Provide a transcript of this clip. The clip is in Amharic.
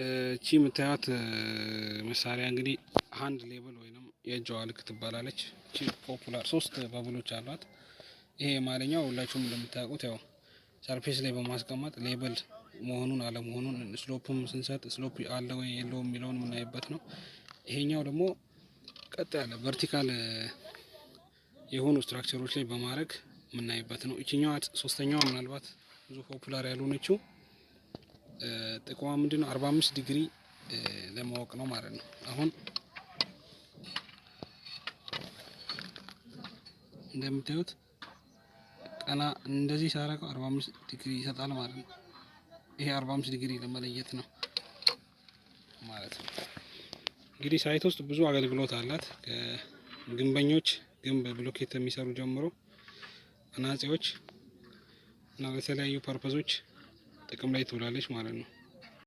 እቺ የምታዩት መሳሪያ እንግዲህ ሀንድ ሌብል ወይንም የእጅዋ ልክ ትባላለች። እቺ ፖፑላር ሶስት ባብሎች አሏት። ይሄ የማለኛው ሁላችሁም እንደምታውቁት ያው ሰርፌስ ላይ በማስቀመጥ ሌብል መሆኑን አለመሆኑን ስሎፕም ስንሰጥ ስሎፕ አለ ወይ የለውም የሚለውን የምናይበት ነው። ይሄኛው ደግሞ ቀጥ ያለ ቨርቲካል የሆኑ ስትራክቸሮች ላይ በማድረግ የምናይበት ነው። እችኛዋ ሶስተኛዋ ምናልባት ብዙ ፖፑላር ያልሆነችው ጥቅሟ ምንድን ነው? 45 ዲግሪ ለማወቅ ነው ማለት ነው። አሁን እንደምታዩት ቀና እንደዚህ ሳረገው 45 ዲግሪ ይሰጣል ማለት ነው። ይሄ 45 ዲግሪ ለመለየት ነው ማለት ነው። እንግዲህ ሳይት ውስጥ ብዙ አገልግሎት አላት። ግንበኞች ግንብ ብሎኬት የሚሰሩ ጀምሮ አናጺዎች እና በተለያዩ ፐርፐዞች ጥቅም ላይ ትውላለች ማለት ነው።